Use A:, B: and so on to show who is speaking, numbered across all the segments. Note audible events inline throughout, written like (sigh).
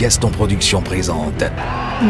A: Gaston Production présente.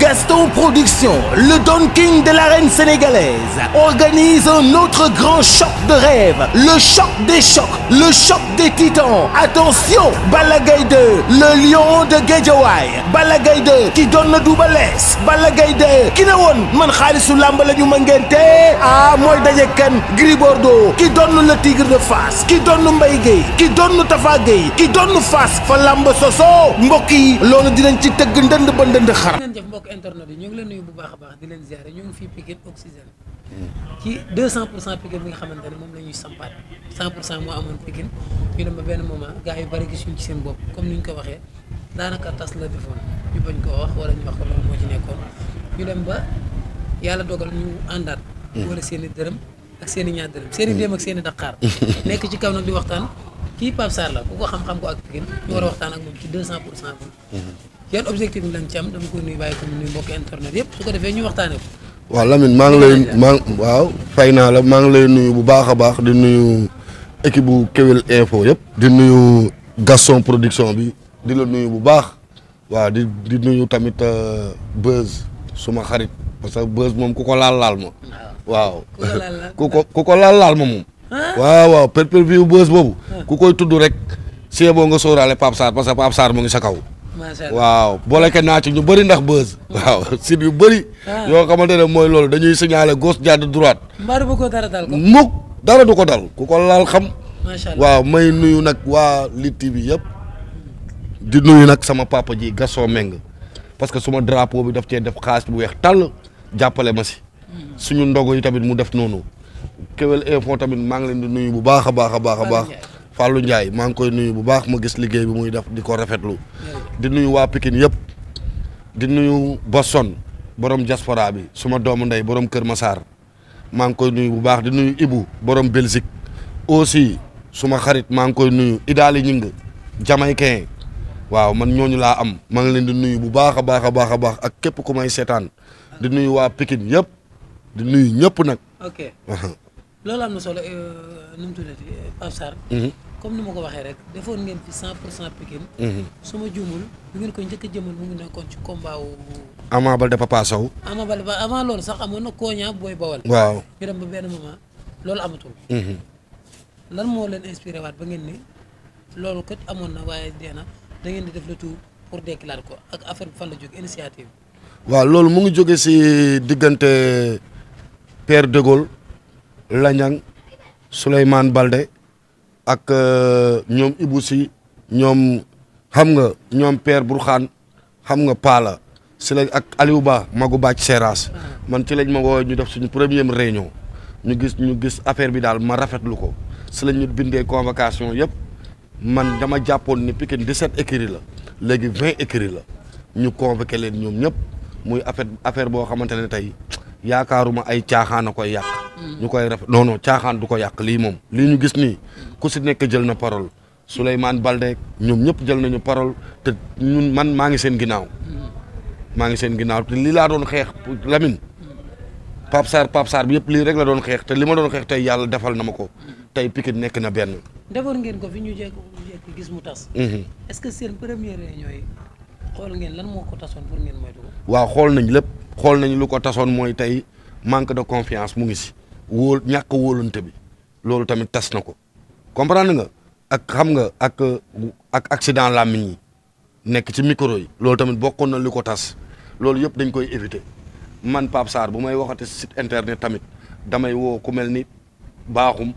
A: Gaston Production, le Don King de l'arène sénégalaise, organise un autre grand choc de rêve, le choc des chocs, le choc des titans. Attention, Balla Gaye 2, le lion de Guédiawaye, Balla Gaye 2 ki doon na Double Less, Balla Gaye 2 ki ne woon man xaalisu làmb ñu ma ngente ah mooy daje kan Gris Bordeaux ki doon le Tigre de Fass ki doon Mbaye Guèye ki doon Tafa Guèye ki doon fa làmb soso dinañ ci tëgg ndënd ba ndënd xar. ngeen jëf
B: mbokk internet yi ñu ngi leen nuyu bu baax a baax di leen ziare ñu ngi fii Pikine ci 200 cent Pikine bi nga xamante ne moom la ñuy sampaat 100 pour cent moo amoon Pikine ñu dem ba benn moment gars yu bari gisuñ ci seen bopp comme ni ñu ko waxee daanaka tas la defoon ñu bañ koo wax wala ñu wax ko loolu moo ci nekkoon ñu dem ba yàlla dogal ñu àndaat. wala hmm. seeni dërëm ak seen i ñaar dërëm. seen i hmm. déem ak seen i nekk ci kaw nag di waxtaan. kii Pape Sarr la ku ko xam-xam ko ak moom ci 200 pour cent bi mhm. yan objectif lañ ci am dama ko nuyu bàyyi ko nuyu mbokki internet yëpp su ko defee ñu waxtaanee ko
A: waaw Lamine maa ngi lay maa waaw fay naa la maa ngi lay nuyu bu baax a baax di nuyu équipe bu Kewel Info yëpp di nuyu Gaston production bi di la nuyu bu baax waaw di di nuyu tamit euh, Buzz suma xarit parce que Buzz moom ku ko laal laal ma waaw ku ko laal laal (laughs) ma moom waaw waaw perperview bës boobu. ku koy tudd rek. see boo nga sóoraale Pape Sarr parce que Pape Sarr mu ngi sa kaw.
B: macha allah
A: waaw naa ci ñu bari ndax bës. waaw site yu bari ah. yoo xamante ne mooy loolu dañuy signaler gauche jàdd droite.
B: mbaru bu ko dara dal mukk
A: dara du ko dal ku ko laal xam. waaw may nuyu nag waa Lutte bi yëpp. di nuyu nag sama papa ji Gaston Mbengue parce que suma drapeau bi daf cee def xaas bu weex tàll jàppale ma si. Hmm. suñu ndogo yi tamit mu def noonu. kéwél Info tamit maa ngi leen di nuyu bu baax a baax a baax a baax Fallou Ndiaye maa ngi koy nuyu bu baax ma gis liggéey bi muy def di ko rafetlu di nuyu waa Pikine yëpp di nuyu Boston borom diaspora bi suma doomu ndey borom Kër Massar maa ngi koy nuyu bu baax di nuyu Ibou borom Belgique aussi suma xarit maa ngi koy nuyu Idaali Ñing Jamaïcain waaw man ñooñu laa am maa ngi leen di nuyu bu baax a baax a baax a baax ak képp ku may seetaan di nuyu waa Pikine yëpp di nuyu ñëpp nag ok uh-huh.
B: loolu am na solo euh, nu mu tuddati Pape Sarr. Mm-hmm. comme ni ma ko waxee rek defoon ngeen fi 100 pour cent Pikine. Mm-hmm. su ma juumul bu ngeen ko njëkk a mu ngi nekkoon ci combat wu.
A: Ama Baldé Papa Sow.
B: Ama Baldé ba loolu sax amoon na Koña Boy Bawal. waaw ñu dem ba benn moment loolu amatul. Mm-hmm. lan moo leen inspiré waat ba ngeen ni loolu kat amoon na waaye dee na da di def le tout pour déclarer ko ak affaire bi fan la jóg initiative.
A: waaw loolu mu ngi jóge si diggante. pere de Gaulle Lagnang Souleymane Balde ak euh, ñoom Ibou Sy ñoom xam nga ñoom Pierre Bourkhane xam nga Paala si lañ ak Aliou Ba magu bàcc Seras man ci lañ ma woo ñu def suñu première réunion ñu gis ñu gis affaire bi daal ma rafetlu ko si lañ ñu bindee convocation yëpp man dama jàppoon ni Pikine 17 écuries la léegi 20 écuries la ñu convoqué leen ñoom ñëpp muy affaire affaire boo xamante ne tey yaakaaruma ay caaxaan a koy yàq. Mm. ñu koy rafet non non caaxaan du ko yàq lii moom. lii ñu gis nii ku si nekk jël na parole Souleymane Balde ñoom ñëpp jël nañu parole te ñun man maa ngi seen ginnaaw. Mm. maa ngi seen ginnaaw te lii laa doon xeex Lamine. Mm. Pape Sarr Pape Sarr yëpp lii rek la doon xeex te li ma doon xeex tey yàlla defal na ma ko. tey Pikine nekk na benn.
B: defoon ngeen ko fi ñu jékku jékku gis mu tas. Mm-hmm. est-ce que seen première réunion yi xool ngeen lan moo ko tasoon pour ngeen mooy ko.
A: waaw xool nañ lépp. xool nañu lu ko tasoon mooy tey manque de confiance mu ngi si wóol ñàkk wóolante bi loolu tamit tas na ko comprendre nga ak xam nga ak ak accident làmmiñ yi nekk ci micro yi loolu tamit bokkoon na lu ko tas loolu yëpp dañ koy éviter man Pape Sarr bu may waxati site internet tamit damay woo ku mel ni baaxum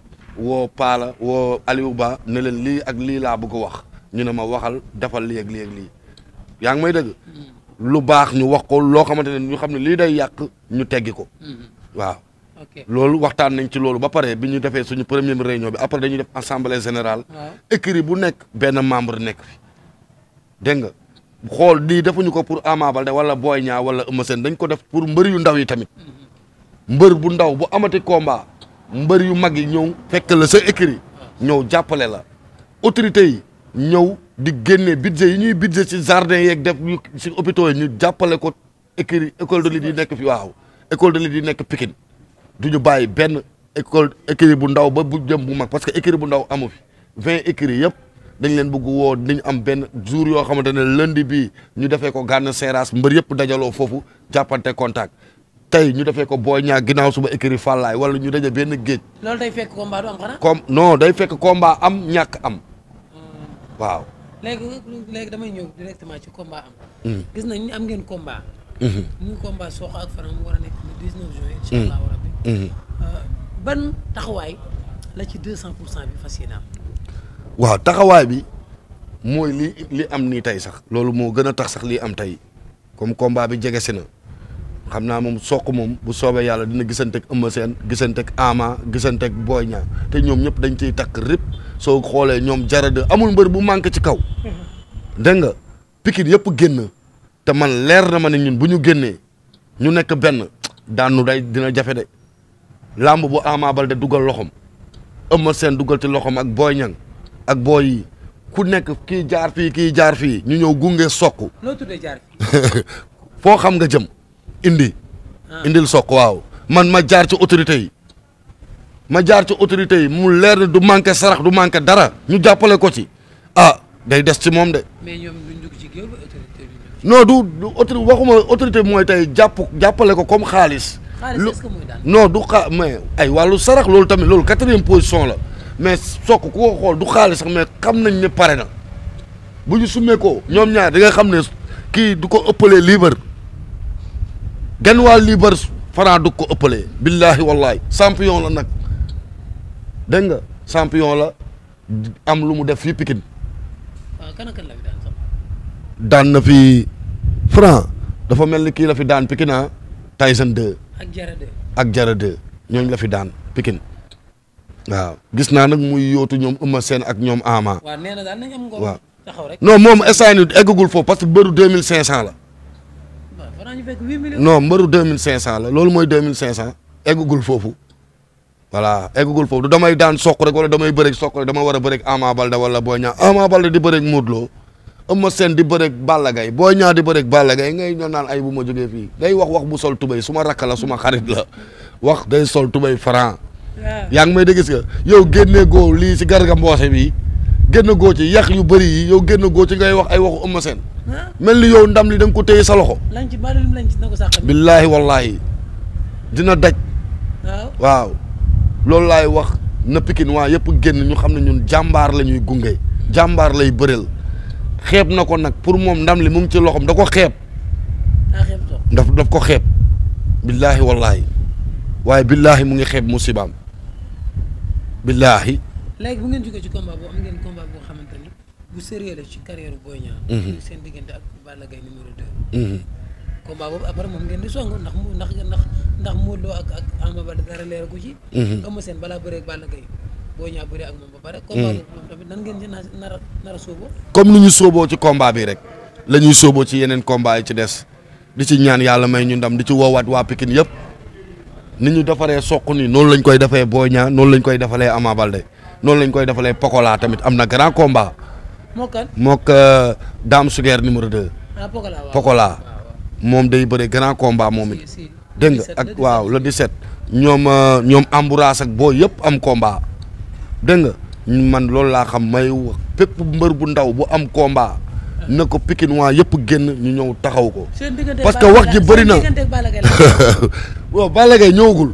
A: woo Paala woo Aliou Ba ne leen lii ak lii laa bugg wax ñu ne ma waxal defal lii ak lii ak lii yaa ngi may dëgg mm. lu baax ñu wax ko loo xamante ne ñu xam ne lii day yàq ñu teggi ko. Mm-hmm. waaw. ok loolu waxtaan nañ ci loolu ba pare bi ñu defee suñu première réunion bi après dañuy def assemblée générale. écrit bu nekk benn membre nekk fi dégg nga. xool lii defuñu ko pour Ama Baldé wala Boy ñaa wala Eumeu dañ ko def pour mbër yu ndaw yi tamit mm-hmm. mbër bu ndaw bu amati combat mbër yu mag yi ñëw fekk la sa écrit ñëw jàppale la autorité yi ñëw di génne budget yi ñuy budget si jardin yeeg def ñu ci hôpitaux ñu jàppale ko écri école de lutte yi nekk fi waaw école de lutte yi nekk Pikine du ñu bàyyi benn école écrit bu ndaw ba bu jëm bu mag parce que écrit bu ndaw amu fi vingt écrit yëpp dañ leen bëgg woo dañ am benn jour yoo xamante ne lënd bi ñu defee ko gànn seeraas mbër yëpp dajaloo foofu jàppante contact tey ñu defee ko booy ñaa ginnaaw suba écrit fàllaay wala ñu daje benn géej.
B: loolu day fekk combat du am xanaa.
A: comme non day fekk am ñàkk am. waaw
B: léegi léegi damay ñëw ci combat hmm. gis nañ ni am ngeen combat. Hmm. muy combat ak Franc mu hmm. euh, ban taxawaay la ci 200 pour cent bi fas yéene
A: waaw taxawaay bi mooy li li am nii tey sax. loolu moo gën a tax sax lii am tey comme combat bi jege si na xam naa moom Sokh moom bu soobee yàlla dina gisante ak Eumeu Sène gisante ak Ama gisante ak Boy te ñoom ñëpp dañ ciy takk rip. soo xoolee ñoom jarade amul mbër bu manqué ci kaw. dégg nga Pikine yëpp génn te man leer na ma ne bu ñu génnee ñu nekk benn daanu day dina jafe de làmb bu Ama Baldé dugal loxom ama seen duggal ci loxom ak booy Niang ak booy yi ku nekk ki jaar fii kii jaar fii ñu ñëw gunge sokk. (laughs) noo tuddee jaar foo xam nga jëm indi. Ah. indil sokk waaw man ma jaar ci autorité yi. ma jaar ci autorité yi mu leer ne du manqué sarax du manqué dara ñu jàppale ko ci ah day des ci moom de. mais autorité bi. du waxuma autorité mooy tey jàpp jàppale ko comme xaalis. xaalis du xa mais ay wàllu sarax loolu tamit loolu quatrième position la mais sokk ku ko xool du xaalis sax mais xam nañ ne pare na bu ñu summee ko ñoom ñaar da nga xam ne kii du ko ëppalee liibar gan waa liibar franc du ko ëppalee. billaahi wallaahi champion la nag. dégg nga champion la am lu mu def fii Pikine. Ah, daan na fi franc dafa mel ni kii la fi daan Pikine ah Tyson 2. ak Jara 2 ak Jara 2 la fi daan Pikine. waaw gis naa nag muy yootu ñoom Eumeu Sène ak ñoom Ama.
B: waaw nee
A: na moom instant yii eggagul foofu parce que deux mille cinq cent la. non mbëru deux mille cinq cent la loolu mooy deux mille cinq cent eggagul foofu. voilà eggagul foofu du damay daan soq rek wala damay bëreeg soq rek dama war a bëreeg Ama Balde wala Boy Niang Ama Balde di bëreeg Modou Lo Eumeu Sène di bëreeg Balla Gaye Boy Niang di bëreeg Balla Gaye ngay ñoo naan ay bu ma jógee fii day wax wax bu sol tubay su ma rakk la su ma xarit la wax day sol tubéy franc yaa ngi may dégg gis nga yow génne goo lii si garga mboose bi génn goo ci yàq yu bari yi yow génn goo ci ngay wax ay waxu Eumeu Sène mel ni yow ndam li da ko téye sa loxo billaahi wallaahi dina daj loolu laay wax na Pikine waa yëpp génn ñu xam ne ñun jàmbaar la ñuy gunge jàmbaar lay bëreel xeeb na ko nag pour moom ndam li mu ngi ci loxoom da ko xeeb. daf daf ko xeeb. billaahi wallaahi waaye billaahi mu ngi xeeb musibaam billaahi.
B: léegi bu ngeen jógee ci combat boo am ngeen xamante ni bu sérieux la ci carrière Boy mhm. seen diggante ak Balla Gaye numéro 2. combat boobu après moom ngeen di song ndax mu ndax ndax ndax Modou Lo ak ak Ama Baldé dara leeragu ci. Mhm. Eumeu balaa bëree ak Balla Gaye ak moom ba pare. Mhm. combat
A: a sóoboo. comme ni ñu sooboo ci combat bi rek la ñuy sóoboo ci yeneen combat yi ci des di ci ñaan yàlla may ñu ndam di ci woowaat waa Pikine yëpp ni ñu defaree soq ni noonu lañ koy defee Boy Niang noonu lañ koy defalee Ama Baldé noonu lañ koy defalee Pokola tamit am na grand combat. moo kan mook euh, Dame Suguer numéro moom day bëre grand combat moom it. dégg nga ak waaw le 17. ñoom euh, ñoom ambouraas ak boo yëpp am combat dégg nga man loolu laa xam may wax mbër bu ndaw bu am komba na ko pikinois yëpp génn ñu ñëw taxaw ko. parce que wax ji bëri na waaw Balla (laughs) ñëwagul.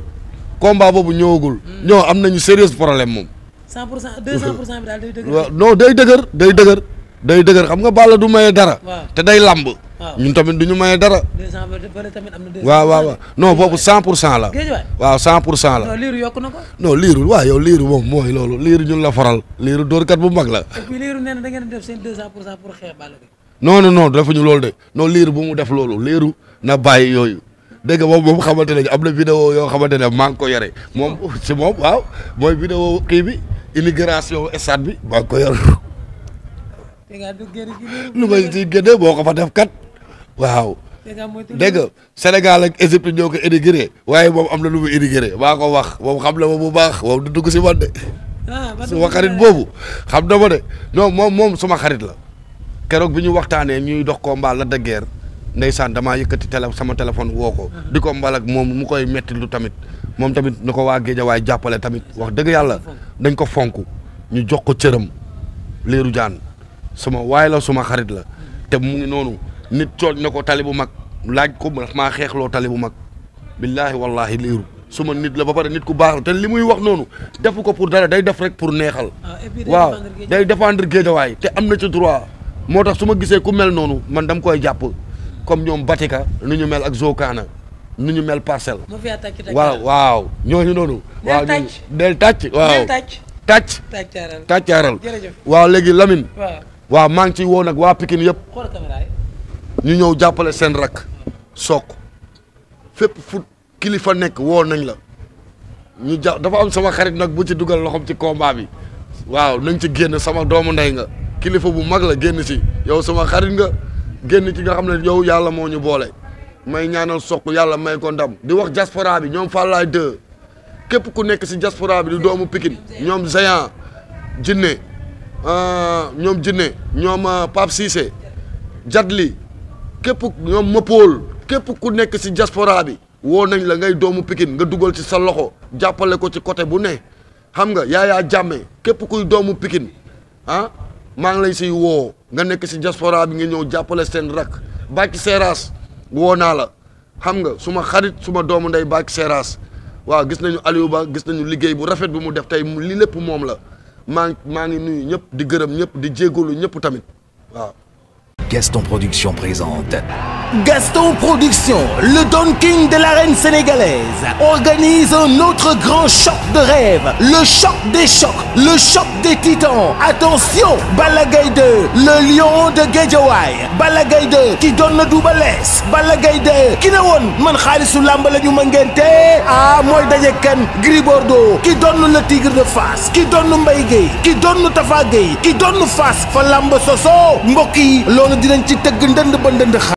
A: komba boobu ñëwagul. ñoo mm. am nañu sérieux problème moom.
B: 100 pour cent 200 pour (laughs)
A: day dëgër. day dëgër day dëgër. xam nga Balla du maye dara. te day lamb. ñun tamit du ñu maye dara. waaw waaw waaw non boobu pour cent la. waaw 100 pour cent la. non
B: liiru yokk na ko.
A: non liiru waaw yow liiru moom mooy loolu liiru ñun la faral. liiru dóorkat bu mag la. et
B: puis liiru nee na da ngeen def seen 200 pour cent
A: loolu de non liiru bu mu def loolu liiru na bàyyi yooyu. dégg nga moom moom xamante ne ab na vidéo yoo xamante ne maa ngi ko yore moom si moom waaw mooy vidéo kii bi immigration stade bi maa ngi ko yore. lu may si génne boo ko fa def kat. waaw. dégg Sénégal ak Égypte ñoo ko énigré waaye moom am na lu mu énigré maa ko wax moom xam la ma bu baax moom du dugg si man de.
B: Ah, suma xarit boobu
A: xam na ma de non moom suma xarit la keroog bi ñu waxtaanee ñuy dox combat la de guerre ndeysaan damaa yëkkati télé sama téléphone woo ko. Ah. di ko mbal moom mu koy metti lu tamit moom tamit na ko waa Géejawaay jàppale tamit wax dëgg yàlla dañ ko fonk ñu jox ko cëram Lirou Diane suma waay la suma xarit la mm-hmm. te noonu. nit cooj na ko tali bu mag laaj ko daf maa xeexloo tali bu mag billaahi wallaahi liiru su ma nit la ba pare nit ku baax te li muy wax noonu defu ko pour dara day def rek pour neexal ah, waaw day défendre géejawaay te am na ci droit moo tax su ma gisee ku mel noonu man dam koy jàpp comme ñoom Batika nu ñu mel ak kaana nu ñu mel parcelle waaw ñoo ñu noonu waaw del tàcc waaw tàcc tàccaaral waaw léegi lamin waaw maa ngi ciy woo nag waa Pikine yëpp ñu ñëw jàppale seen rakk sook fépp fu kilifa nekk woo nañ la ñu ja dafa am sama xarit nag bu ci dugal loxoom ci combat bi waaw nañ ci génn sama doomu ndey nga kilifa bu mag la génn ci yow sama xarit nga génn ci nga xam ne yow yàlla moo ñu boole may ñaanal sook yàlla may ko ndam di wax diaspora bi ñoom Fallaye 2 képp ku nekk si diaspora di doomu pikin ñoom Zayan Jinne euh, ñoom Jinne ñoom euh, Pape Cissé Jadli képp ñoom mëppool képp ku nekk si jasporaa bi woo nañ la ngay doomu Pikine nga dugal ci sa loxo jàppale ko ci côté bu ne xam nga yaayaa jàmme képp kuy doomu pikin ah maa ngi lay si woo nga nekk si diaspora bi nga ñëw jàppale seen rak Bàcc Seeraas woo naa la xam nga suma xarit suma doomu ndey Bàcc Seeraas waa gis nañu Aliou Ba gis nañu liggéey bu rafet bi mu def tey li lépp moom la maa maa ngi nuyu ñëpp di gërëm ñëpp di jégalu ñëpp tamit waaw Gaston Production présente. Gaston Production, le Don King de l'arène sénégalaise, organise un autre grand choc de rêve, le choc des chocs, le choc des titans. Attention, Balla Gaye 2, le lion de Guédiawaye, Balla Gaye 2 ki doon na Double Less, Balla Gaye 2 ki ne woon man xaalisu làmb la ñu ma ngente ah mooy daje kan Gris Bordeaux ki doon le Tigre de Fass ki doon Mbaye Guèye ki doon Tafa Guèye ki doon Fass fa làmb soso dinañ ci tëgg ndënd ba ndënd